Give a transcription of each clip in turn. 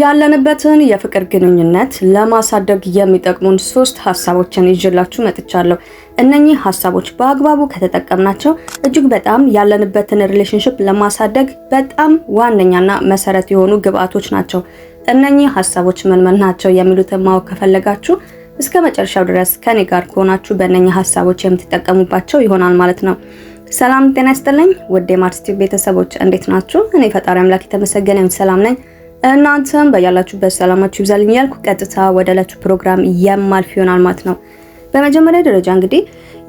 ያለንበትን የፍቅር ግንኙነት ለማሳደግ የሚጠቅሙን ሶስት ሀሳቦችን ይዤላችሁ መጥቻለሁ። እነኚህ ሀሳቦች በአግባቡ ከተጠቀምናቸው እጅግ በጣም ያለንበትን ሪሌሽንሽፕ ለማሳደግ በጣም ዋነኛና መሰረት የሆኑ ግብአቶች ናቸው። እነኚህ ሀሳቦች ምን ምን ናቸው የሚሉትን ማወቅ ከፈለጋችሁ እስከ መጨረሻው ድረስ ከኔ ጋር ከሆናችሁ በእነኚህ ሀሳቦች የምትጠቀሙባቸው ይሆናል ማለት ነው። ሰላም ጤና ይስጥልኝ ውድ የማርስ ቤተሰቦች እንዴት ናችሁ? እኔ ፈጣሪ አምላክ የተመሰገነ ሰላም ነኝ። እናንተም በያላችሁበት ሰላማችሁ ይብዛልኝ ያልኩ ቀጥታ ወደ ዕለቱ ፕሮግራም የማልፍ ይሆናል ማለት ነው። በመጀመሪያ ደረጃ እንግዲህ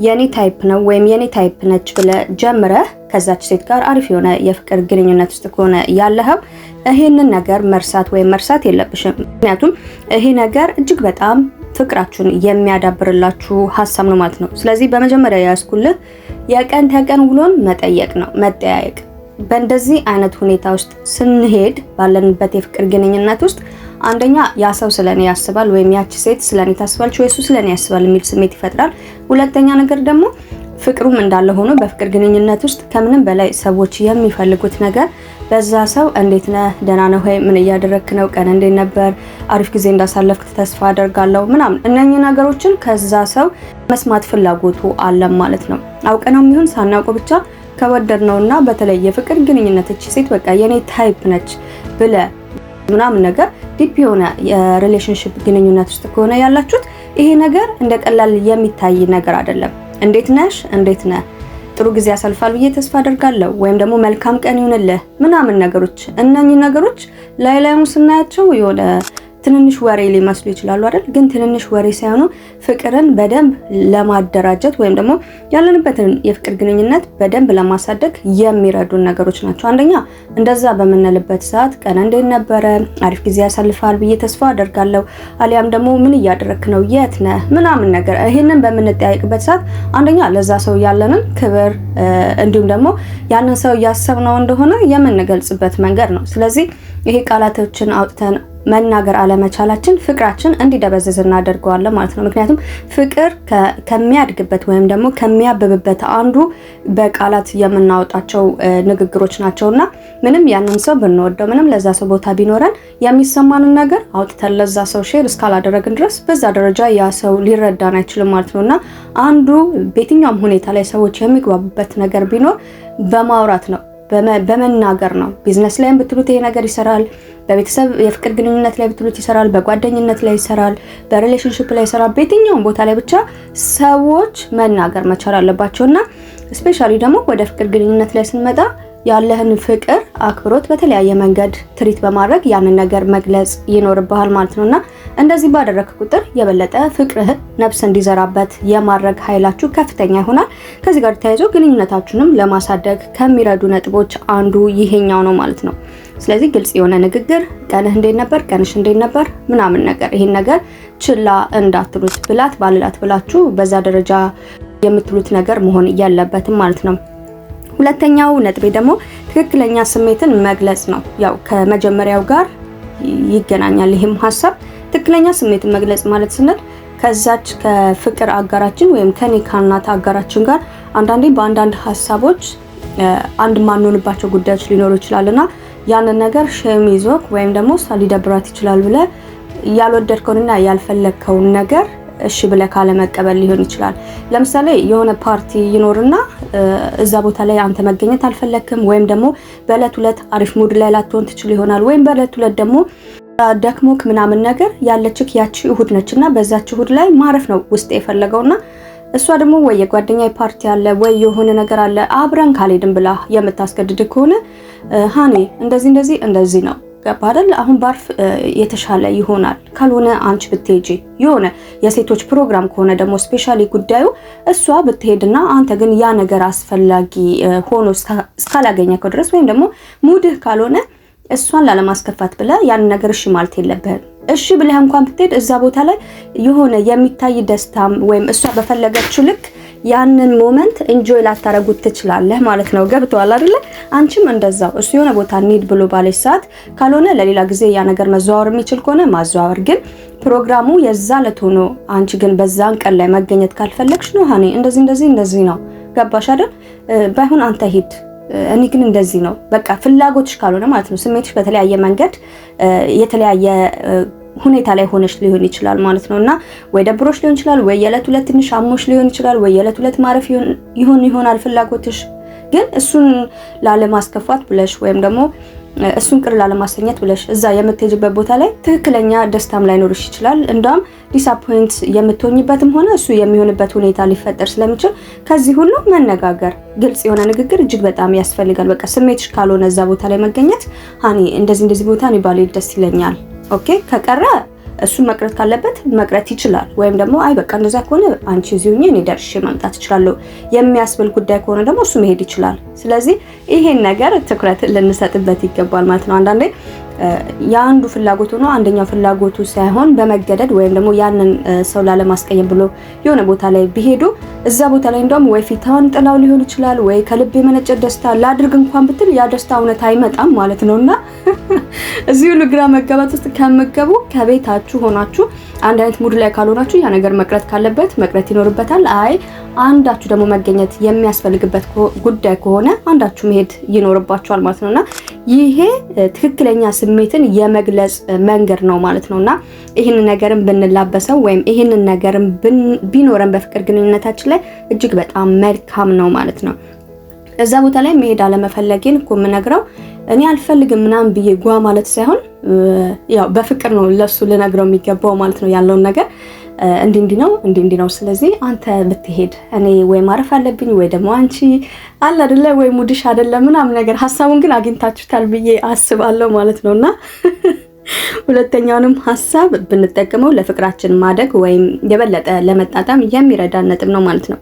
የኔ ታይፕ ነው ወይም የኔ ታይፕ ነች ብለ ጀምረ ከዛች ሴት ጋር አሪፍ የሆነ የፍቅር ግንኙነት ውስጥ ከሆነ ያለኸው ይሄንን ነገር መርሳት ወይም መርሳት የለብሽም። ምክንያቱም ይሄ ነገር እጅግ በጣም ፍቅራችሁን የሚያዳብርላችሁ ሀሳብ ነው ማለት ነው። ስለዚህ በመጀመሪያ ያስኩልህ የቀን ተቀን ውሎን መጠየቅ ነው መጠያየቅ በእንደዚህ አይነት ሁኔታ ውስጥ ስንሄድ ባለንበት የፍቅር ግንኙነት ውስጥ አንደኛ ያ ሰው ስለኔ ያስባል ወይም ያቺ ሴት ስለኔ ታስባለች ወይ እሱ ስለኔ ያስባል የሚል ስሜት ይፈጥራል። ሁለተኛ ነገር ደግሞ ፍቅሩም እንዳለ ሆኖ በፍቅር ግንኙነት ውስጥ ከምንም በላይ ሰዎች የሚፈልጉት ነገር በዛ ሰው እንዴት ነህ፣ ደህና ነህ ወይ፣ ምን እያደረክ ነው፣ ቀን እንዴት ነበር፣ አሪፍ ጊዜ እንዳሳለፍክ ተስፋ አደርጋለሁ ምናምን፣ እነኚህ ነገሮችን ከዛ ሰው መስማት ፍላጎቱ አለ ማለት ነው። አውቀነው የሚሆን ሳናውቀው ብቻ ከወደድ ነውና በተለይ የፍቅር ግንኙነትች ሴት በቃ የኔ ታይፕ ነች ብለ ምናምን ነገር ዲፕ የሆነ የሪሌሽንሽፕ ግንኙነት ውስጥ ከሆነ ያላችሁት ይሄ ነገር እንደ ቀላል የሚታይ ነገር አይደለም። እንዴት ነሽ? እንዴት ነ ጥሩ ጊዜ ያሳልፋል ብዬ ተስፋ አደርጋለሁ፣ ወይም ደግሞ መልካም ቀን ይሁንልህ ምናምን ነገሮች እነኚህ ነገሮች ላይ ላዩን ስናያቸው የሆነ ትንንሽ ወሬ ሊመስሉ ይችላሉ አይደል? ግን ትንንሽ ወሬ ሳይሆኑ ፍቅርን በደንብ ለማደራጀት ወይም ደግሞ ያለንበትን የፍቅር ግንኙነት በደንብ ለማሳደግ የሚረዱን ነገሮች ናቸው። አንደኛ እንደዛ በምንልበት ሰዓት ቀን እንዴት ነበረ? አሪፍ ጊዜ ያሳልፋል ብዬ ተስፋ አደርጋለሁ። አሊያም ደግሞ ምን እያደረክ ነው? የት ነህ? ምናምን ነገር ይህንን በምንጠያይቅበት ሰዓት አንደኛ ለዛ ሰው ያለንን ክብር እንዲሁም ደግሞ ያንን ሰው እያሰብነው እንደሆነ የምንገልጽበት መንገድ ነው። ስለዚህ ይሄ ቃላቶችን አውጥተን መናገር አለመቻላችን ፍቅራችን እንዲደበዝዝ እናደርገዋለን ማለት ነው። ምክንያቱም ፍቅር ከሚያድግበት ወይም ደግሞ ከሚያብብበት አንዱ በቃላት የምናወጣቸው ንግግሮች ናቸውእና ምንም ያንን ሰው ብንወደው ምንም ለዛ ሰው ቦታ ቢኖረን የሚሰማንን ነገር አውጥተን ለዛ ሰው ሼር እስካላደረግን ድረስ በዛ ደረጃ ያ ሰው ሊረዳን አይችልም ማለት ነው እና አንዱ በየትኛውም ሁኔታ ላይ ሰዎች የሚግባቡበት ነገር ቢኖር በማውራት ነው፣ በመናገር ነው። ቢዝነስ ላይም ብትሉት ይሄ ነገር ይሰራል በቤተሰብ የፍቅር ግንኙነት ላይ ብትሉት ይሰራል፣ በጓደኝነት ላይ ይሰራል፣ በሪሌሽንሽፕ ላይ ይሰራል። በየትኛውም ቦታ ላይ ብቻ ሰዎች መናገር መቻል አለባቸው እና ስፔሻሊ ደግሞ ወደ ፍቅር ግንኙነት ላይ ስንመጣ ያለህን ፍቅር አክብሮት በተለያየ መንገድ ትሪት በማድረግ ያንን ነገር መግለጽ ይኖርብሃል ማለት ነው እና እንደዚህ ባደረግ ቁጥር የበለጠ ፍቅርህ ነፍስ እንዲዘራበት የማድረግ ኃይላችሁ ከፍተኛ ይሆናል። ከዚህ ጋር ተያይዞ ግንኙነታችሁንም ለማሳደግ ከሚረዱ ነጥቦች አንዱ ይሄኛው ነው ማለት ነው። ስለዚህ ግልጽ የሆነ ንግግር ቀንህ እንዴት ነበር፣ ቀንሽ እንዴት ነበር ምናምን ነገር ይሄን ነገር ችላ እንዳትሉት፣ ብላት ባልላት ብላችሁ በዛ ደረጃ የምትሉት ነገር መሆን እያለበትም ማለት ነው። ሁለተኛው ነጥቤ ደግሞ ትክክለኛ ስሜትን መግለጽ ነው። ያው ከመጀመሪያው ጋር ይገናኛል ይህም ሀሳብ ትክክለኛ ስሜትን መግለጽ ማለት ስንል ከዛች ከፍቅር አጋራችን ወይም ከኔ ካናት አጋራችን ጋር አንዳንዴ በአንዳንድ ሀሳቦች አንድ ማንሆንባቸው ጉዳዮች ሊኖሩ ይችላልና ያንን ነገር ሼም ይዞክ ወይም ደግሞ እሷ ሊደብራት ይችላል ብለ ያልወደድከውንና ያልፈለግከውን ነገር እሺ ብለ ካለመቀበል ሊሆን ይችላል። ለምሳሌ የሆነ ፓርቲ ይኖርና እዛ ቦታ ላይ አንተ መገኘት አልፈለክም፣ ወይም ደግሞ በእለት ሁለት አሪፍ ሙድ ላይ ላትሆን ትችል ይሆናል። ወይም በእለት ሁለት ደግሞ ደክሞክ ምናምን ነገር ያለችክ ያቺ እሁድ ነች እና በዛች እሁድ ላይ ማረፍ ነው ውስጥ የፈለገውና እሷ ደግሞ ወይ የጓደኛ ፓርቲ አለ ወይ የሆነ ነገር አለ አብረን ካልሄድን ብላ የምታስገድድ ከሆነ ሃኔ እንደዚህ እንደዚህ እንደዚህ ነው ገባ አይደል? አሁን ባርፍ የተሻለ ይሆናል። ካልሆነ አንቺ ብትሄጂ የሆነ የሴቶች ፕሮግራም ከሆነ ደግሞ ስፔሻሊ ጉዳዩ እሷ ብትሄድና አንተ ግን ያ ነገር አስፈላጊ ሆኖ እስካላገኘከው ድረስ ወይም ደግሞ ሙድህ ካልሆነ እሷን ላለማስከፋት ብለህ ያን ነገር እሺ ማለት የለብህም። እሺ ብለህ እንኳን ብትሄድ እዛ ቦታ ላይ የሆነ የሚታይ ደስታም ወይም እሷ በፈለገችው ልክ ያንን ሞመንት ኢንጆይ ላታረጉት ትችላለህ ማለት ነው። ገብተዋል አይደለ? አንቺም እንደዛው እሱ የሆነ ቦታ እንሂድ ብሎ ባለች ሰዓት ካልሆነ ለሌላ ጊዜ ያ ነገር መዘዋወር የሚችል ከሆነ ማዘዋወር፣ ግን ፕሮግራሙ የዛ ዕለት ሆኖ አንቺ ግን በዛን ቀን ላይ መገኘት ካልፈለግሽ ነው ሀኔ እንደዚህ እንደዚህ እንደዚህ ነው ገባሽ አይደል? ባይሆን አንተ ሂድ እኔ ግን እንደዚህ ነው በቃ ፍላጎትሽ ካልሆነ ማለት ነው ስሜትሽ በተለያየ መንገድ የተለያየ ሁኔታ ላይ ሆነሽ ሊሆን ይችላል ማለት ነው እና ወይ ደብሮሽ ሊሆን ይችላል ወይ የዕለት ሁለት ትንሽ አሞሽ ሊሆን ይችላል ወይ የዕለት ሁለት ማረፍ ይሆን ይሆናል ፍላጎትሽ ግን እሱን ላለማስከፋት ብለሽ ወይም ደግሞ እሱን ቅር ላለማሰኘት ብለሽ እዛ የምትሄጅበት ቦታ ላይ ትክክለኛ ደስታም ላይኖርሽ ይችላል። እንዳውም ዲስአፖይንት የምትሆኝበትም ሆነ እሱ የሚሆንበት ሁኔታ ሊፈጠር ስለሚችል ከዚህ ሁሉ መነጋገር፣ ግልጽ የሆነ ንግግር እጅግ በጣም ያስፈልጋል። በቃ ስሜትሽ ካልሆነ እዛ ቦታ ላይ መገኘት ሀኒ እንደዚህ እንደዚህ ቦታ እኔ ባልሄድ ደስ ይለኛል ኦኬ ከቀረ እሱ መቅረት ካለበት መቅረት ይችላል። ወይም ደግሞ አይ በቃ እንደዛ ከሆነ አንቺ እዚሁ እኔ ደርሼ ማምጣት እችላለሁ የሚያስብል ጉዳይ ከሆነ ደግሞ እሱ መሄድ ይችላል። ስለዚህ ይሄን ነገር ትኩረት ልንሰጥበት ይገባል ማለት ነው። አንዳንዴ የአንዱ ፍላጎት ሆኖ አንደኛው ፍላጎቱ ሳይሆን በመገደድ ወይም ደግሞ ያንን ሰው ላለማስቀየም ብሎ የሆነ ቦታ ላይ ቢሄዱ እዛ ቦታ ላይ እንደውም ወይ ፊታውን ጥላው ሊሆን ይችላል ወይ ከልብ የመነጨ ደስታ ላድርግ እንኳን ብትል ያ ደስታ እውነት አይመጣም ማለት ነው። እና እዚህ ሁሉ ግራ መጋባት ውስጥ ከምገቡ ከቤታችሁ ሆናችሁ አንድ አይነት ሙድ ላይ ካልሆናችሁ ያ ነገር መቅረት ካለበት መቅረት ይኖርበታል። አይ አንዳችሁ ደግሞ መገኘት የሚያስፈልግበት ጉዳይ ከሆነ አንዳችሁ መሄድ ይኖርባችኋል ማለት እና ይሄ ትክክለኛ ስሜትን የመግለጽ መንገድ ነው ማለት ነው እና ይህንን ነገርን ብንላበሰው ወይም ይህንን ነገርን ቢኖረን በፍቅር ግንኙነታችን ላይ እጅግ በጣም መልካም ነው ማለት ነው። እዛ ቦታ ላይ መሄድ አለመፈለጌን እኮ የምነግረው እኔ አልፈልግም ምናምን ብዬ ጓ ማለት ሳይሆን ያው በፍቅር ነው ለሱ ልነግረው የሚገባው ማለት ነው ያለውን ነገር እንዲህ እንዲህ ነው እንዲህ እንዲህ ነው። ስለዚህ አንተ ብትሄድ እኔ ወይ ማረፍ አለብኝ ወይ ደግሞ አንቺ አለ አይደለ ወይ ሙድሽ አይደለ ምናምን ነገር ሀሳቡን ግን አግኝታችሁታል ብዬ አስባለሁ ማለት ነውና ሁለተኛውንም ሀሳብ ብንጠቀመው ለፍቅራችን ማደግ ወይም የበለጠ ለመጣጣም የሚረዳ ነጥብ ነው ማለት ነው።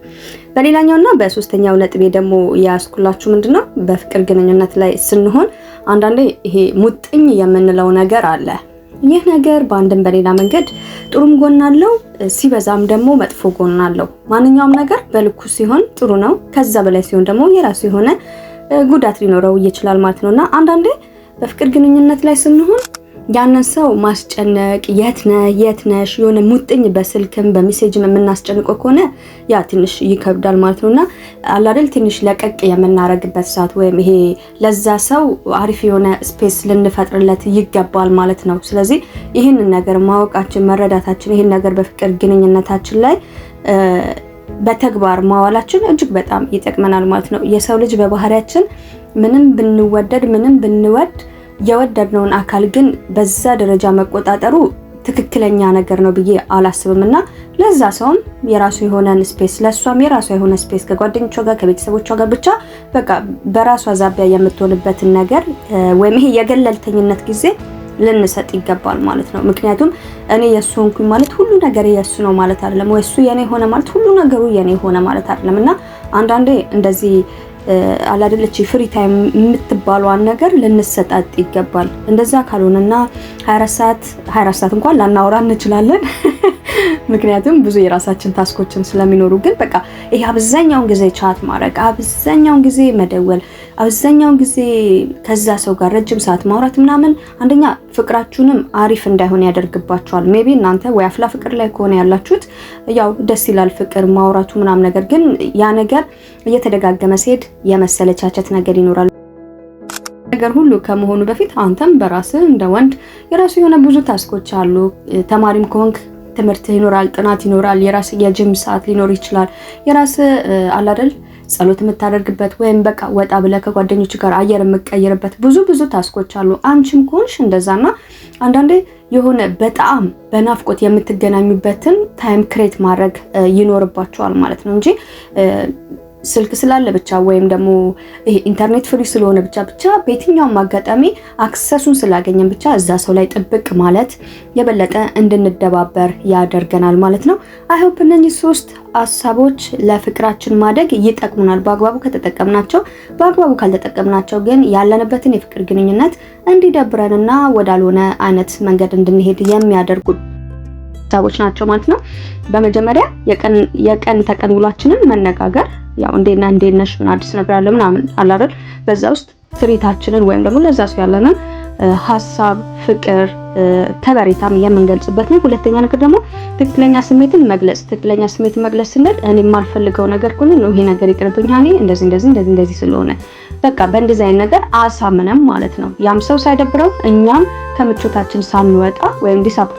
በሌላኛውና በሶስተኛው ነጥቤ ደግሞ ያስኩላችሁ ምንድነው በፍቅር ግንኙነት ላይ ስንሆን አንዳንዴ ይሄ ሙጥኝ የምንለው ነገር አለ። ይህ ነገር በአንድም በሌላ መንገድ ጥሩም ጎን አለው፣ ሲበዛም ደግሞ መጥፎ ጎን አለው። ማንኛውም ነገር በልኩ ሲሆን ጥሩ ነው፣ ከዛ በላይ ሲሆን ደግሞ የራሱ የሆነ ጉዳት ሊኖረው ይችላል ማለት ነው እና አንዳንዴ በፍቅር ግንኙነት ላይ ስንሆን ያንን ሰው ማስጨነቅ የት ነ የት ነሽ የሆነ ሙጥኝ በስልክም በሜሴጅም የምናስጨንቀው ከሆነ ያ ትንሽ ይከብዳል ማለት ነው እና አላደል ትንሽ ለቀቅ የምናረግበት ሰዓት ወይም ይሄ ለዛ ሰው አሪፍ የሆነ ስፔስ ልንፈጥርለት ይገባል ማለት ነው። ስለዚህ ይህንን ነገር ማወቃችን መረዳታችን ይህን ነገር በፍቅር ግንኙነታችን ላይ በተግባር ማዋላችን እጅግ በጣም ይጠቅመናል ማለት ነው። የሰው ልጅ በባህሪያችን ምንም ብንወደድ ምንም ብንወድ የወደድነውን አካል ግን በዛ ደረጃ መቆጣጠሩ ትክክለኛ ነገር ነው ብዬ አላስብም እና ለዛ ሰውም የራሱ የሆነን ስፔስ ለእሷም የራሷ የሆነ ስፔስ ከጓደኞቿ ጋር ከቤተሰቦቿ ጋር ብቻ በቃ በራሷ ዛቢያ የምትሆንበትን ነገር ወይም ይሄ የገለልተኝነት ጊዜ ልንሰጥ ይገባል ማለት ነው። ምክንያቱም እኔ የእሱ ሆንኩኝ ማለት ሁሉ ነገር የእሱ ነው ማለት አይደለም፣ ወይ እሱ የኔ ሆነ ማለት ሁሉ ነገሩ የኔ ሆነ ማለት አይደለም እና አንዳንዴ እንደዚህ አላደለች ፍሪ ታይም የምትባሏን ነገር ልንሰጣጥ ይገባል። እንደዛ ካልሆነና 24 ሰዓት 24 ሰዓት እንኳን ላናወራ እንችላለን ምክንያቱም ብዙ የራሳችን ታስኮችን ስለሚኖሩ። ግን በቃ ይሄ አብዛኛውን ጊዜ ቻት ማድረግ፣ አብዛኛውን ጊዜ መደወል፣ አብዛኛውን ጊዜ ከዛ ሰው ጋር ረጅም ሰዓት ማውራት ምናምን አንደኛ ፍቅራችሁንም አሪፍ እንዳይሆን ያደርግባችኋል። ሜቢ እናንተ ወይ አፍላ ፍቅር ላይ ከሆነ ያላችሁት ያው ደስ ይላል ፍቅር ማውራቱ ምናምን፣ ነገር ግን ያ ነገር እየተደጋገመ ሲሄድ የመሰለቻቸት ነገር ይኖራል። ነገር ሁሉ ከመሆኑ በፊት አንተም በራስህ እንደ ወንድ የራሱ የሆነ ብዙ ታስኮች አሉ። ተማሪም ከሆንክ ትምህርት ይኖራል፣ ጥናት ይኖራል፣ የራስ የጅም ሰዓት ሊኖር ይችላል። የራስ አላደል ጸሎት የምታደርግበት ወይም በቃ ወጣ ብለ ከጓደኞች ጋር አየር የምቀይርበት ብዙ ብዙ ታስኮች አሉ። አንቺም ከሆንሽ እንደዛና አንዳንዴ የሆነ በጣም በናፍቆት የምትገናኙበትን ታይም ክሬት ማድረግ ይኖርባቸዋል ማለት ነው እንጂ ስልክ ስላለ ብቻ ወይም ደግሞ ኢንተርኔት ፍሪ ስለሆነ ብቻ ብቻ በየትኛውም አጋጣሚ አክሰሱን ስላገኘን ብቻ እዛ ሰው ላይ ጥብቅ ማለት የበለጠ እንድንደባበር ያደርገናል ማለት ነው። አይሆፕ እነኚህ ሶስት ሀሳቦች ለፍቅራችን ማደግ ይጠቅሙናል፣ በአግባቡ ከተጠቀምናቸው። በአግባቡ ካልተጠቀምናቸው ግን ያለንበትን የፍቅር ግንኙነት እንዲደብረንና ወዳልሆነ አይነት መንገድ እንድንሄድ የሚያደርጉ ሀሳቦች ናቸው ማለት ነው። በመጀመሪያ የቀን ተቀን ውሏችንን መነጋገር ያው እንዴና እንዴት ምን አዲስ ነገር አለ ምናምን አላረል በዛ ውስጥ ትርኢታችንን ወይም ደግሞ ለዛ ሰው ያለንን ሀሳብ፣ ፍቅር፣ ተበሬታም የምንገልጽበት ነው። ሁለተኛ ነገር ደግሞ ትክክለኛ ስሜትን መግለጽ። ትክክለኛ ስሜትን መግለጽ ስንል እኔ የማልፈልገው ነገር ከሆነ ነው ይሄ ነገር ይቅርብኛ፣ እንደዚህ እንደዚህ እንደዚህ እንደዚህ ስለሆነ በቃ በእንደዚህ አይነት ነገር አሳምነም ማለት ነው። ያም ሰው ሳይደብረው እኛም ከምቾታችን ሳንወጣ ወይም ዲሳፕ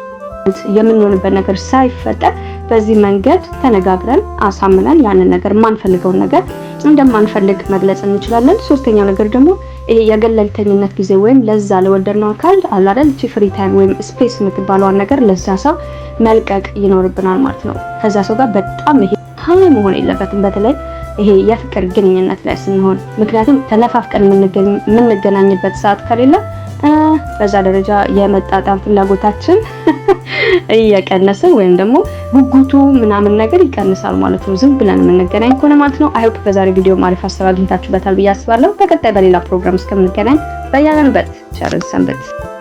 የምንሆንበት ነገር ሳይፈጠር በዚህ መንገድ ተነጋግረን አሳምነን ያንን ነገር የማንፈልገውን ነገር እንደማንፈልግ መግለጽ እንችላለን። ሶስተኛ ነገር ደግሞ ይሄ የገለልተኝነት ጊዜ ወይም ለዛ ለወደድነው አካል አላደል ፍሪ ታይም ወይም ስፔስ የምትባለዋን ነገር ለዛ ሰው መልቀቅ ይኖርብናል ማለት ነው። ከዛ ሰው ጋር በጣም ይሄ ሀይ መሆን የለበትም በተለይ ይሄ የፍቅር ግንኙነት ላይ ስንሆን፣ ምክንያቱም ተነፋፍቀን የምንገናኝበት ሰዓት ከሌለ በዛ ደረጃ የመጣጣም ፍላጎታችን እየቀነሰ ወይም ደግሞ ጉጉቱ ምናምን ነገር ይቀንሳል ማለት ነው። ዝም ብለን የምንገናኝ ከሆነ ማለት ነው። አይሆፕ በዛሬ ቪዲዮ አሪፍ ሀሳብ አግኝታችሁበታል ብዬ አስባለሁ። በቀጣይ በሌላ ፕሮግራም እስከምንገናኝ በያለንበት ቸርን ሰንብት።